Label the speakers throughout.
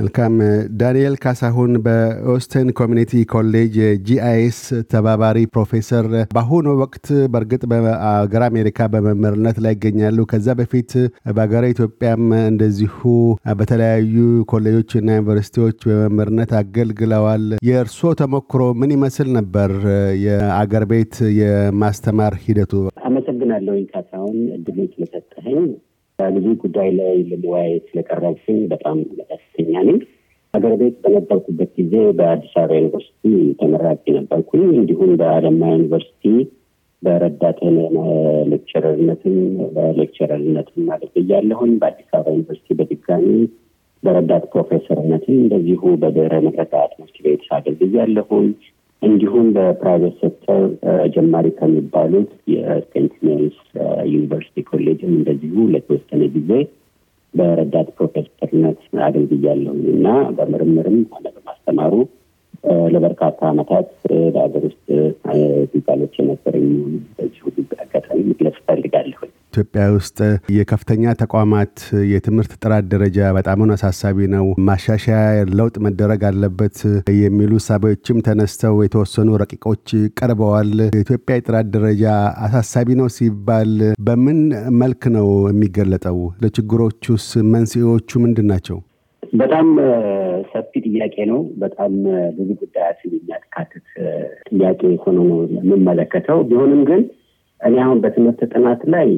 Speaker 1: መልካም ዳንኤል ካሳሁን በኦስተን ኮሚኒቲ ኮሌጅ የጂአይኤስ ተባባሪ ፕሮፌሰር፣ በአሁኑ ወቅት በእርግጥ በአገር አሜሪካ በመምህርነት ላይ ይገኛሉ። ከዛ በፊት በሀገረ ኢትዮጵያም እንደዚሁ በተለያዩ ኮሌጆችና ዩኒቨርሲቲዎች በመምህርነት አገልግለዋል። የእርስዎ ተሞክሮ ምን ይመስል ነበር? የአገር ቤት የማስተማር ሂደቱ።
Speaker 2: አመሰግናለሁ ካሳሁን እድሜ ስለሰጠኸኝ። በብዙ ጉዳይ ላይ ለመወያየት ስለቀረብሽኝ በጣም ደስተኛ ነኝ። ሀገር ቤት በነበርኩበት ጊዜ በአዲስ አበባ ዩኒቨርሲቲ ተመራቂ ነበርኩኝ። እንዲሁም በአለማ ዩኒቨርሲቲ በረዳት ሌክቸረርነትም በሌክቸረርነትም ማለት አገልግያለሁኝ። በአዲስ አበባ ዩኒቨርሲቲ በድጋሚ በረዳት ፕሮፌሰርነትም እንደዚሁ በድህረ ምረቃ ትምህርት ቤት አገልግያለሁኝ። እንዲሁም በፕራይቬት ሴክተር ጀማሪ ከሚባሉት የሴንት ሜሪስ ዩኒቨርሲቲ ኮሌጅም እንደዚሁ ለተወሰነ ጊዜ በረዳት ፕሮፌሰርነት አገልግያለሁ እና በምርምርም ሆነ በማስተማሩ ለበርካታ ዓመታት በሀገር ውስጥ ግልጋሎች የነበረኝ በዚሁ
Speaker 1: አጋጣሚ መግለጽ እፈልጋለሁ። ኢትዮጵያ ውስጥ የከፍተኛ ተቋማት የትምህርት ጥራት ደረጃ በጣምን አሳሳቢ ነው፣ ማሻሻያ ለውጥ መደረግ አለበት የሚሉ ሳቢዎችም ተነስተው የተወሰኑ ረቂቆች ቀርበዋል። የኢትዮጵያ የጥራት ደረጃ አሳሳቢ ነው ሲባል በምን መልክ ነው የሚገለጠው? ለችግሮቹስ መንስኤዎቹ ምንድን ናቸው?
Speaker 2: በጣም ሰፊ ጥያቄ ነው። በጣም ብዙ ጉዳያትን የሚያካትት ጥያቄ ሆኖ ነው የምመለከተው። ቢሆንም ግን እኔ አሁን በትምህርት ጥናት ላይ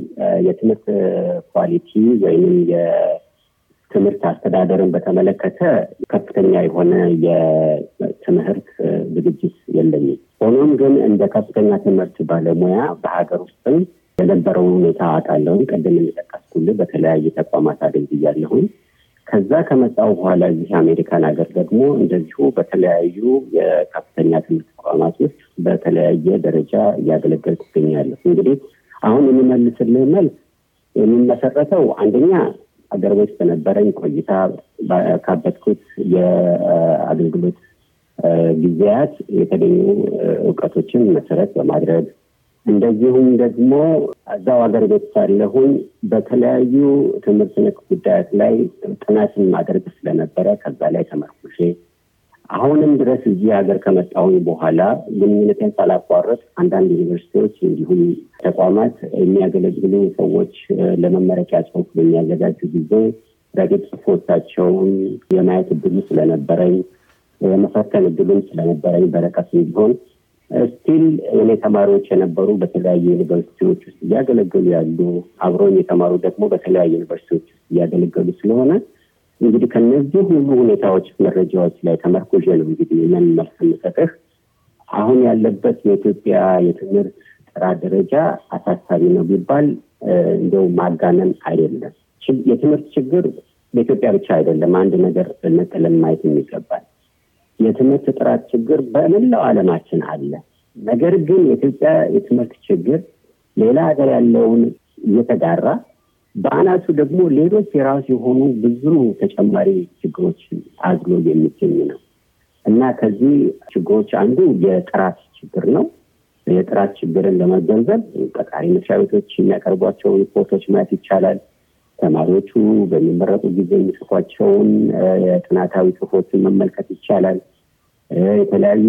Speaker 2: የትምህርት ኳሊቲ ወይም የትምህርት አስተዳደርን በተመለከተ ከፍተኛ የሆነ የትምህርት ዝግጅት የለኝም። ሆኖም ግን እንደ ከፍተኛ ትምህርት ባለሙያ በሀገር ውስጥም የነበረውን ሁኔታ አውቃለሁኝ። ቅድም እንደጠቀስኩልህ በተለያዩ ተቋማት አገልግያለሁኝ። ከዛ ከመጣው በኋላ እዚህ አሜሪካን ሀገር ደግሞ እንደዚሁ በተለያዩ የከፍተኛ ትምህርት ተቋማት ውስጥ በተለያየ ደረጃ እያገለገል እገኛለሁ። እንግዲህ አሁን የሚመልስልህ መልስ የሚመሰረተው አንደኛ ሀገር ውስጥ በነበረኝ ቆይታ ካበትኩት የአገልግሎት ጊዜያት የተገኙ እውቀቶችን መሰረት በማድረግ እንደዚሁም ደግሞ እዛው ሀገር ቤት ሳለሁኝ በተለያዩ ትምህርት ነክ ጉዳያት ላይ ጥናትን ማድረግ ስለነበረ ከዛ ላይ ተመርኩሼ አሁንም ድረስ እዚህ ሀገር ከመጣሁኝ በኋላ ግንኙነትን ሳላቋረጥ አንዳንድ ዩኒቨርሲቲዎች እንዲሁም ተቋማት የሚያገለግሉ ሰዎች ለመመረቂያ ጽሁፍ በሚያዘጋጁ ጊዜ ረግብ ጽሑፎቻቸውን የማየት እድሉ ስለነበረኝ የመፈተን እድሉም ስለነበረኝ በረከት እንዲሆን ስቲል እኔ ተማሪዎች የነበሩ በተለያዩ ዩኒቨርሲቲዎች ውስጥ እያገለገሉ ያሉ አብሮ የተማሩ ደግሞ በተለያዩ ዩኒቨርሲቲዎች ውስጥ እያገለገሉ ስለሆነ እንግዲህ ከነዚህ ሁሉ ሁኔታዎች መረጃዎች ላይ ተመርኮዤ ነው እንግዲህ ምን መልስ የምሰጥህ። አሁን ያለበት የኢትዮጵያ የትምህርት ጥራት ደረጃ አሳሳቢ ነው ቢባል እንደው ማጋነን አይደለም። የትምህርት ችግር በኢትዮጵያ ብቻ አይደለም። አንድ ነገር ነጥለን ማየት የሚገባል። የትምህርት ጥራት ችግር በመላው ዓለማችን አለ። ነገር ግን የኢትዮጵያ የትምህርት ችግር ሌላ ሀገር ያለውን እየተጋራ በአናቱ ደግሞ ሌሎች የራሱ የሆኑ ብዙ ተጨማሪ ችግሮች አዝሎ የሚገኝ ነው እና ከዚህ ችግሮች አንዱ የጥራት ችግር ነው። የጥራት ችግርን ለመገንዘብ ቀጣሪ መስሪያ ቤቶች የሚያቀርቧቸው ሪፖርቶች ማየት ይቻላል። ተማሪዎቹ በሚመረጡ ጊዜ የሚጽፏቸውን የጥናታዊ ጽሁፎችን መመልከት ይቻላል። የተለያዩ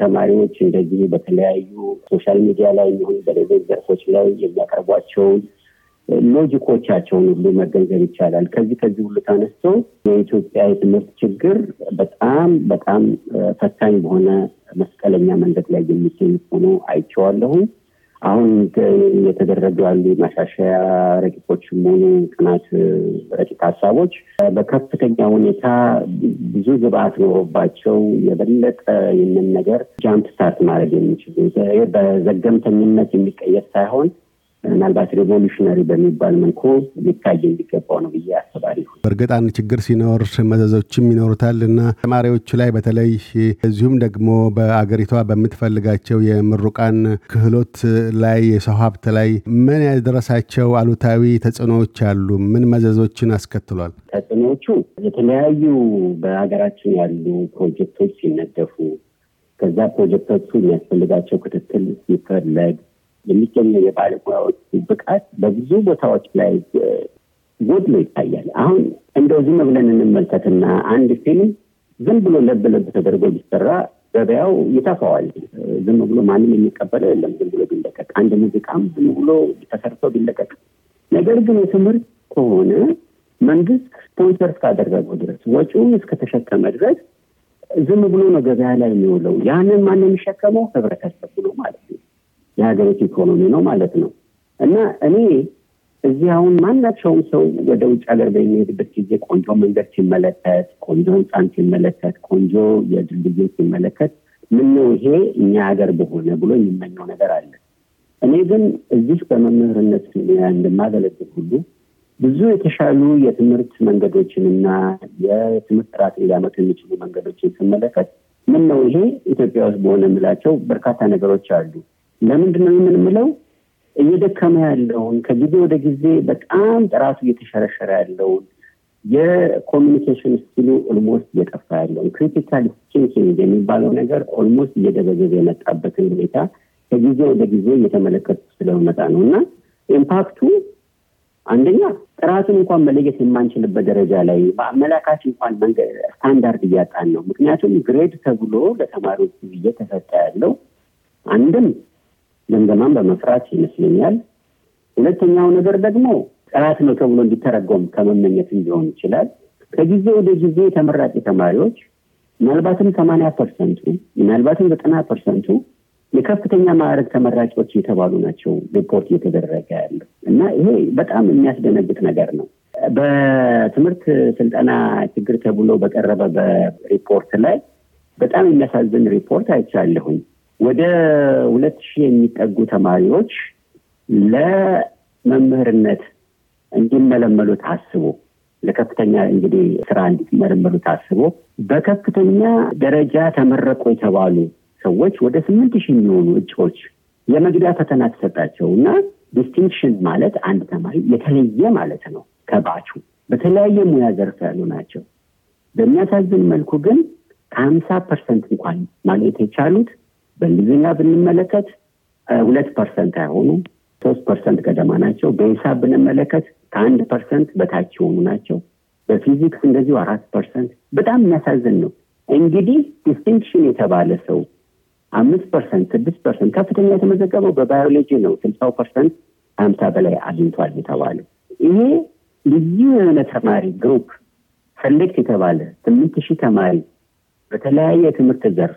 Speaker 2: ተማሪዎች እንደዚህ በተለያዩ ሶሻል ሚዲያ ላይ ይሁን በሌሎች ዘርፎች ላይ የሚያቀርቧቸውን ሎጂኮቻቸውን ሁሉ መገንዘብ ይቻላል። ከዚህ ከዚህ ሁሉ ተነስቶ የኢትዮጵያ የትምህርት ችግር በጣም በጣም ፈታኝ በሆነ መስቀለኛ መንገድ ላይ የሚገኝ ሆኖ አይቸዋለሁም። አሁን እየተደረገ ያሉ ማሻሻያ ረቂቆች ሆኑ ጥናት ረቂቅ ሀሳቦች በከፍተኛ ሁኔታ ብዙ ግብአት ኖሮባቸው የበለጠ ይህንን ነገር ጃምፕ ስታርት ማድረግ የሚችሉ በዘገምተኝነት የሚቀየር ሳይሆን ምናልባት ሪቮሉሽነሪ በሚባል መልኩ ሊታይ የሚገባው ነው ብዬ
Speaker 1: አስባለሁ። በእርግጥ አንድ ችግር ሲኖር መዘዞችም ይኖሩታል እና ተማሪዎቹ ላይ በተለይ እዚሁም ደግሞ በአገሪቷ በምትፈልጋቸው የምሩቃን ክህሎት ላይ የሰው ሀብት ላይ ምን ያደረሳቸው አሉታዊ ተጽዕኖዎች አሉ? ምን መዘዞችን አስከትሏል?
Speaker 2: ተጽዕኖዎቹ የተለያዩ በሀገራችን ያሉ ፕሮጀክቶች ሲነደፉ ከዛ ፕሮጀክቶቹ የሚያስፈልጋቸው ክትትል ሲፈለግ የሚገኙ የባለሙያዎች ብቃት በብዙ ቦታዎች ላይ ጎድሎ ይታያል። አሁን እንደው ዝም ብለን እንመልከትና አንድ ፊልም ዝም ብሎ ለብ ለብ ተደርጎ ቢሰራ ገበያው ይተፋዋል። ዝም ብሎ ማንም የሚቀበለው የለም። ዝም ብሎ ቢለቀቅ አንድ ሙዚቃም ዝም ብሎ ተሰርቶ ቢለቀቅ ነገር ግን የትምህርት ከሆነ መንግስት ስፖንሰር እስካደረገው ድረስ ወጪውን እስከተሸከመ ድረስ ዝም ብሎ ነው ገበያ ላይ የሚውለው። ያንን ማን የሚሸከመው? ህብረተሰብ ብሎ ማለት ነው። የሀገሪቱ ኢኮኖሚ ነው ማለት ነው። እና እኔ እዚህ አሁን ማናቸውም ሰው ወደ ውጭ ሀገር በሚሄድበት ጊዜ ቆንጆ መንገድ ሲመለከት፣ ቆንጆ ህንፃን ሲመለከት፣ ቆንጆ የድልድይ ሲመለከት ምነው ይሄ እኛ ሀገር በሆነ ብሎ የሚመኘው ነገር አለ። እኔ ግን እዚህ በመምህርነት እንደማገለግል ሁሉ ብዙ የተሻሉ የትምህርት መንገዶችን እና የትምህርት ጥራትን ሊያመጡ የሚችሉ መንገዶችን ስመለከት ምን ነው ይሄ ኢትዮጵያ ውስጥ በሆነ የምላቸው በርካታ ነገሮች አሉ። ለምንድን ነው የምንምለው? እየደከመ ያለውን ከጊዜ ወደ ጊዜ በጣም ጥራቱ እየተሸረሸረ ያለውን የኮሚኒኬሽን ስኪሉ ኦልሞስት እየጠፋ ያለውን ክሪቲካል ቲንኪንግ የሚባለው ነገር ኦልሞስት እየደበዘዘ የመጣበትን ሁኔታ ከጊዜ ወደ ጊዜ እየተመለከቱ ስለመጣ ነው እና ኢምፓክቱ አንደኛ ጥራቱን እንኳን መለየት የማንችልበት ደረጃ ላይ በአመላካች እንኳን ስታንዳርድ እያጣን ነው። ምክንያቱም ግሬድ ተብሎ ለተማሪዎች እየተሰጠ ያለው አንድም ገምገማን በመፍራት ይመስለኛል። ሁለተኛው ነገር ደግሞ ጥራት ነው ተብሎ እንዲተረጎም ከመመኘት ሊሆን ይችላል። ከጊዜ ወደ ጊዜ ተመራቂ ተማሪዎች ምናልባትም ሰማንያ ፐርሰንቱ ምናልባትም ዘጠና ፐርሰንቱ የከፍተኛ ማዕረግ ተመራቂዎች የተባሉ ናቸው ሪፖርት እየተደረገ ያለ እና ይሄ በጣም የሚያስደነግጥ ነገር ነው። በትምህርት ስልጠና ችግር ተብሎ በቀረበ በሪፖርት ላይ በጣም የሚያሳዝን ሪፖርት አይቻለሁኝ። ወደ ሁለት ሺህ የሚጠጉ ተማሪዎች ለመምህርነት እንዲመለመሉ ታስቦ ለከፍተኛ እንግዲህ ስራ እንዲመለመሉ ታስቦ በከፍተኛ ደረጃ ተመረቁ የተባሉ ሰዎች ወደ ስምንት ሺህ የሚሆኑ እጩዎች የመግቢያ ፈተና ተሰጣቸው እና ዲስቲንክሽን ማለት አንድ ተማሪ የተለየ ማለት ነው። ከባቹ በተለያየ ሙያ ዘርፍ ያሉ ናቸው። በሚያሳዝን መልኩ ግን ከሀምሳ ፐርሰንት እንኳን ማግኘት የቻሉት በእንግሊዝኛ ብንመለከት ሁለት ፐርሰንት አይሆኑ ሶስት ፐርሰንት ገደማ ናቸው። በሂሳብ ብንመለከት ከአንድ ፐርሰንት በታች የሆኑ ናቸው። በፊዚክስ እንደዚሁ አራት ፐርሰንት። በጣም የሚያሳዝን ነው። እንግዲህ ዲስቲንክሽን የተባለ ሰው አምስት ፐርሰንት ስድስት ፐርሰንት ከፍተኛ የተመዘገበው በባዮሎጂ ነው። ስልሳው ፐርሰንት ሀምሳ በላይ አግኝቷል የተባለው ይሄ ልዩ የሆነ ተማሪ ግሩፕ ሰሌክት የተባለ ስምንት ሺህ ተማሪ በተለያየ ትምህርት ዘርፍ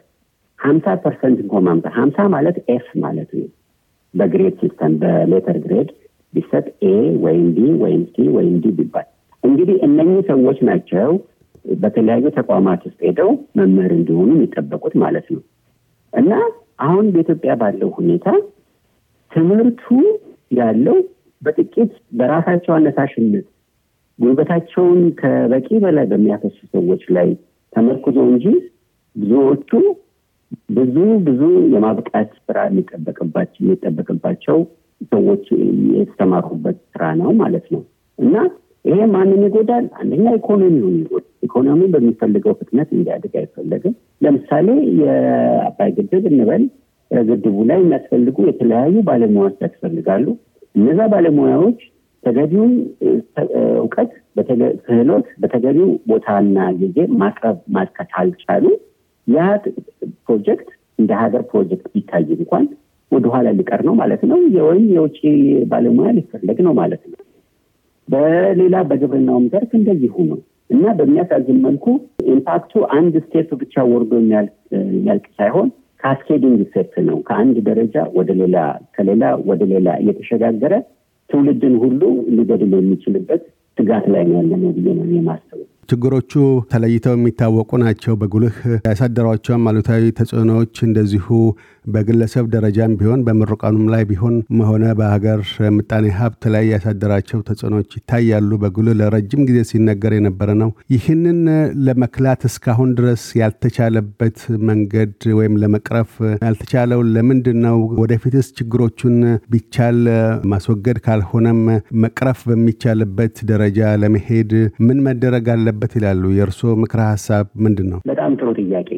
Speaker 2: ሀምሳ ፐርሰንት እንኳ ማምጣት ሀምሳ ማለት ኤፍ ማለት ነው። በግሬድ ሲስተም በሌተር ግሬድ ቢሰጥ ኤ ወይም ቢ ወይም ሲ ወይም ዲ ቢባል እንግዲህ እነኚህ ሰዎች ናቸው በተለያዩ ተቋማት ውስጥ ሄደው መምህር እንዲሆኑ የሚጠበቁት ማለት ነው። እና አሁን በኢትዮጵያ ባለው ሁኔታ ትምህርቱ ያለው በጥቂት በራሳቸው አነሳሽነት ጉልበታቸውን ከበቂ በላይ በሚያፈሱ ሰዎች ላይ ተመርኩዞ እንጂ ብዙዎቹ ብዙ ብዙ የማብቃት ስራ የሚጠበቅባቸው የሚጠበቅባቸው ሰዎች የተሰማሩበት ስራ ነው ማለት ነው እና ይሄ ማንን ይጎዳል? አንደኛ ኢኮኖሚውን ይጎዳል። ኢኮኖሚው በሚፈልገው ፍጥነት እንዲያድግ አይፈለግም። ለምሳሌ የአባይ ግድብ እንበል፣ ግድቡ ላይ የሚያስፈልጉ የተለያዩ ባለሙያዎች ያስፈልጋሉ። እነዛ ባለሙያዎች ተገቢውን እውቀት፣ ክህሎት በተገቢው ቦታና ጊዜ ማቅረብ ማስከት አልቻሉ ያ ፕሮጀክት እንደ ሀገር ፕሮጀክት ቢታይ እንኳን ወደኋላ ሊቀር ነው ማለት ነው፣ ወይም የውጭ ባለሙያ ሊፈለግ ነው ማለት ነው። በሌላ በግብርናውም ዘርፍ እንደዚሁ ነው እና በሚያሳዝን መልኩ ኢምፓክቱ አንድ ስቴፕ ብቻ ወርዶ የሚያልቅ ሳይሆን ካስኬዲንግ ሴፕ ነው። ከአንድ ደረጃ ወደ ሌላ ከሌላ ወደ ሌላ እየተሸጋገረ ትውልድን ሁሉ ሊገድል የሚችልበት ስጋት ላይ ነው ያለ ነው ብዬ ነው የማስበው።
Speaker 1: ችግሮቹ ተለይተው የሚታወቁ ናቸው። በጉልህ ያሳደሯቸውም አሉታዊ ተጽዕኖዎች እንደዚሁ በግለሰብ ደረጃም ቢሆን በምሩቃኑም ላይ ቢሆን መሆነ በሀገር ምጣኔ ሀብት ላይ ያሳደራቸው ተጽዕኖች ይታያሉ። በጉልህ ለረጅም ጊዜ ሲነገር የነበረ ነው። ይህንን ለመክላት እስካሁን ድረስ ያልተቻለበት መንገድ ወይም ለመቅረፍ ያልተቻለው ለምንድን ነው? ወደፊትስ ችግሮቹን ቢቻል ማስወገድ ካልሆነም መቅረፍ በሚቻልበት ደረጃ ለመሄድ ምን መደረግ አለበት? አለበት ይላሉ። የእርስዎ ምክረ ሀሳብ ምንድን ነው?
Speaker 2: በጣም ጥሩ ጥያቄ።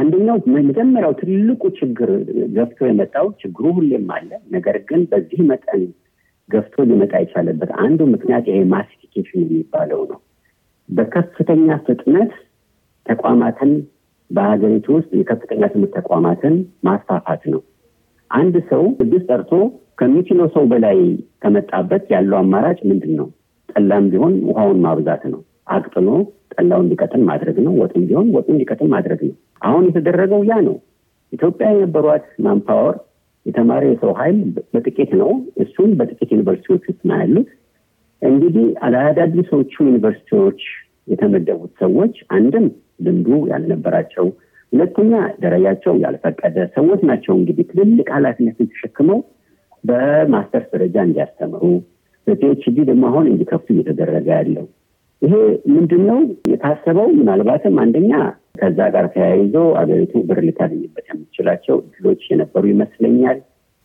Speaker 2: አንደኛው መጀመሪያው ትልቁ ችግር ገፍቶ የመጣው ችግሩ ሁሌም አለ፣ ነገር ግን በዚህ መጠን ገፍቶ ሊመጣ የቻለበት አንዱ ምክንያት ይሄ ማሲፊኬሽን የሚባለው ነው። በከፍተኛ ፍጥነት ተቋማትን በሀገሪቱ ውስጥ የከፍተኛ ትምህርት ተቋማትን ማስፋፋት ነው። አንድ ሰው ስድስት ጠርቶ ከሚችለው ሰው በላይ ከመጣበት ያለው አማራጭ ምንድን ነው? ጠላም ቢሆን ውሃውን ማብዛት ነው። አቅጥኖ ጠላው እንዲቀጥል ማድረግ ነው። ወጡ እንዲሆን ወጡ እንዲቀጥል ማድረግ ነው። አሁን የተደረገው ያ ነው። ኢትዮጵያ የነበሯት ማንፓወር የተማሪ የሰው ኃይል በጥቂት ነው። እሱን በጥቂት ዩኒቨርሲቲዎች ውስጥ ነው ያሉት። እንግዲህ አዳዲሶቹ ዩኒቨርሲቲዎች የተመደቡት ሰዎች አንድም ልምዱ ያልነበራቸው፣ ሁለተኛ ደረጃቸው ያልፈቀደ ሰዎች ናቸው። እንግዲህ ትልልቅ ኃላፊነትን ተሸክመው በማስተርስ ደረጃ እንዲያስተምሩ በፒኤችዲ ደግሞ አሁን እንዲከፍቱ እየተደረገ ያለው ይሄ ምንድን ነው የታሰበው? ምናልባትም አንደኛ ከዛ ጋር ተያይዞ አገሪቱ ብር ልታገኝበት የምትችላቸው እድሎች የነበሩ ይመስለኛል።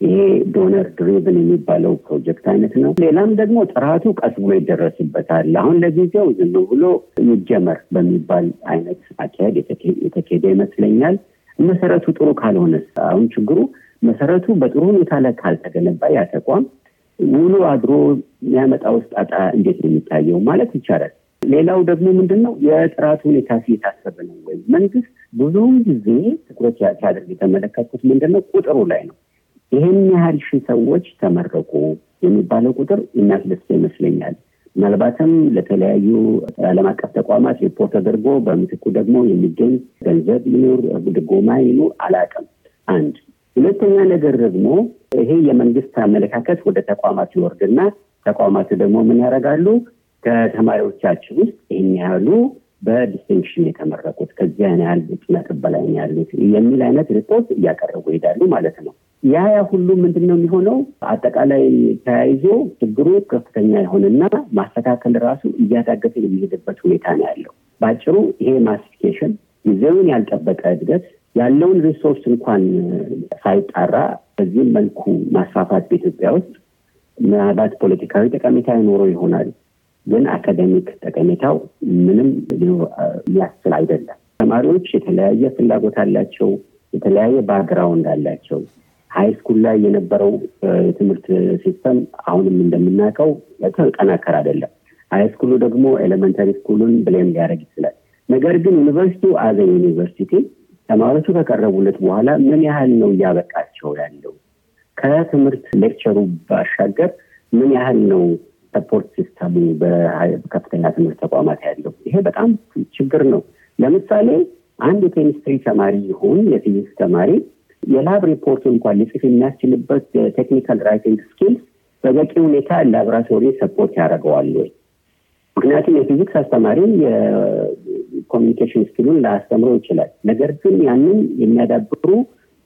Speaker 2: ይሄ ዶነር ድሪቭን የሚባለው ፕሮጀክት አይነት ነው። ሌላም ደግሞ ጥራቱ ቀስ ብሎ ይደረስበታል። አሁን ለጊዜው ዝም ብሎ ይጀመር በሚባል አይነት አካሄድ የተካሄደ ይመስለኛል። መሰረቱ ጥሩ ካልሆነ አሁን ችግሩ መሰረቱ በጥሩ ሁኔታ ላይ ካልተገነባ ያ ተቋም ውሎ አድሮ የሚያመጣ ውስጥ አጣ እንዴት ነው የሚታየው ማለት ይቻላል። ሌላው ደግሞ ምንድን ነው የጥራት ሁኔታ እየታሰበ ነው ወይ? መንግስት ብዙውን ጊዜ ትኩረት ሲያደርግ የተመለከትኩት ምንድን ነው ቁጥሩ ላይ ነው። ይህን ያህል ሺህ ሰዎች ተመረቁ የሚባለው ቁጥር የሚያስደስት ይመስለኛል። ምናልባትም ለተለያዩ ዓለም አቀፍ ተቋማት ሪፖርት ተደርጎ በምትኩ ደግሞ የሚገኝ ገንዘብ ይኑር ድጎማ ይኑር አላውቅም። አንድ ሁለተኛ ነገር ደግሞ ይሄ የመንግስት አመለካከት ወደ ተቋማት ይወርድና ተቋማቱ ደግሞ ምን ያደርጋሉ? ከተማሪዎቻችን ውስጥ ይህን ያህሉ በዲስቲንክሽን የተመረቁት ከዚያ ያህል ነጥብ በላይ ያሉት የሚል አይነት ሪፖርት እያቀረቡ ይሄዳሉ ማለት ነው። ያ ያ ሁሉ ምንድን ነው የሚሆነው? አጠቃላይ ተያይዞ ችግሩ ከፍተኛ የሆነና ማስተካከል ራሱ እያዳገተ የሚሄድበት ሁኔታ ነው ያለው። በአጭሩ ይሄ ማስፊኬሽን ጊዜውን ያልጠበቀ እድገት ያለውን ሪሶርስ እንኳን ሳይጣራ በዚህም መልኩ ማስፋፋት በኢትዮጵያ ውስጥ ምናልባት ፖለቲካዊ ጠቀሜታ ይኖረው ይሆናል ግን አካደሚክ ጠቀሜታው ምንም የሚያስችል አይደለም። ተማሪዎች የተለያየ ፍላጎት አላቸው፣ የተለያየ ባክግራውንድ አላቸው። ሀይ ስኩል ላይ የነበረው የትምህርት ሲስተም አሁንም እንደምናውቀው የተጠናከረ አይደለም። ሀይ ስኩሉ ደግሞ ኤሌመንታሪ ስኩሉን ብሌም ሊያደርግ ይችላል። ነገር ግን ዩኒቨርሲቲው አዘ ዩኒቨርሲቲ ተማሪዎቹ ከቀረቡለት በኋላ ምን ያህል ነው እያበቃቸው ያለው ከትምህርት ሌክቸሩ ባሻገር ምን ያህል ነው ሰፖርት ሲስተሙ በከፍተኛ ትምህርት ተቋማት ያለው ይሄ በጣም ችግር ነው። ለምሳሌ አንድ የኬሚስትሪ ተማሪ ይሁን የፊዚክስ ተማሪ የላብ ሪፖርቱ እንኳን ሊጽፍ የሚያስችልበት ቴክኒካል ራይቲንግ ስኪልስ በበቂ ሁኔታ ላብራቶሪ ሰፖርት ያደርገዋል ወይ? ምክንያቱም የፊዚክስ አስተማሪ የኮሚኒኬሽን ስኪሉን ላያስተምረው ይችላል። ነገር ግን ያንን የሚያዳብሩ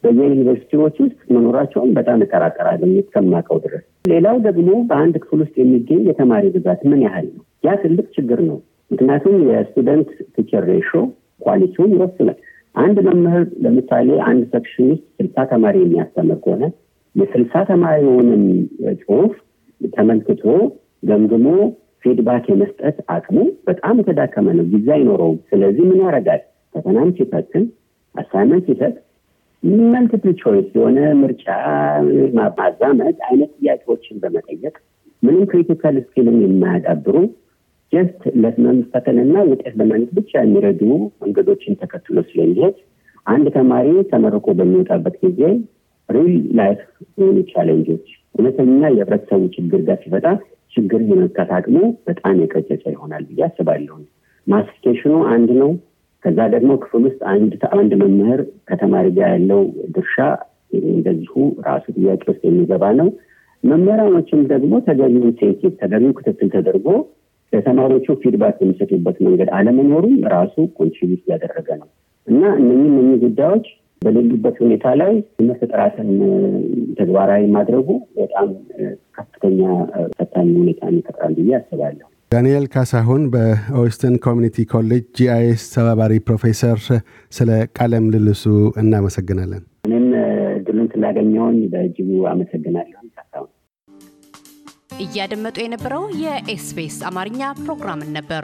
Speaker 2: በየዩኒቨርሲቲዎች ውስጥ መኖራቸውን በጣም እጠራጠራለሁ እስከማውቀው ድረስ። ሌላው ደግሞ በአንድ ክፍል ውስጥ የሚገኝ የተማሪ ብዛት ምን ያህል ነው? ያ ትልቅ ችግር ነው። ምክንያቱም የስቱደንት ቲቸር ሬሾ ኳሊቲውን ይወስናል። አንድ መምህር ለምሳሌ አንድ ሰክሽን ውስጥ ስልሳ ተማሪ የሚያስተምር ከሆነ የስልሳ ተማሪውንም ጽሁፍ ተመልክቶ ገምግሞ ፊድባክ የመስጠት አቅሙ በጣም የተዳከመ ነው፣ ጊዜ አይኖረውም። ስለዚህ ምን ያደርጋል? ፈተናም ሲፈትን አሳይመንት ሲሰጥ መልቲፕል ቾይስ የሆነ ምርጫ ማዛመድ አይነት ጥያቄዎችን በመጠየቅ ምንም ክሪቲካል ስኪልም የማያዳብሩ ጀስት ለመፈተንና ውጤት ለማግኘት ብቻ የሚረዱ መንገዶችን ተከትሎ ስለሚሄድ አንድ ተማሪ ተመርቆ በሚወጣበት ጊዜ ሪል ላይፍ የሆኑ ቻሌንጆች እውነተኛ የህብረተሰቡ ችግር ጋር ሲፈጣ ችግር የመፍታት አቅሙ በጣም የቀጨጨ ይሆናል ብዬ አስባለሁ። ማስፊኬሽኑ አንድ ነው። ከዛ ደግሞ ክፍል ውስጥ አንድ መምህር ከተማሪ ጋር ያለው ድርሻ እንደዚሁ ራሱ ጥያቄ ውስጥ የሚገባ ነው። መምህራኖችም ደግሞ ተገቢው ኢንሴንቲቭ ተገቢው ክትትል ተደርጎ ለተማሪዎቹ ፊድባክ የሚሰጡበት መንገድ አለመኖሩም ራሱ ኮንትሪቢዩት እያደረገ ነው እና እነኚህ እነኚህ ጉዳዮች በሌሉበት ሁኔታ ላይ ትምህርት ጥራትን ተግባራዊ ማድረጉ በጣም ከፍተኛ ፈታኝ ሁኔታ ይፈጥራል ብዬ አስባለሁ።
Speaker 1: ዳንኤል ካሳሁን በኦስተን ኮሚኒቲ ኮሌጅ ጂአይኤስ ተባባሪ ፕሮፌሰር፣ ስለ ቃለ ምልልሱ እናመሰግናለን።
Speaker 2: እኔም ድሉን ስላገኘውን በእጅጉ አመሰግናለሁ። ካሳሁን እያደመጡ የነበረው የኤስፔስ አማርኛ ፕሮግራምን ነበር።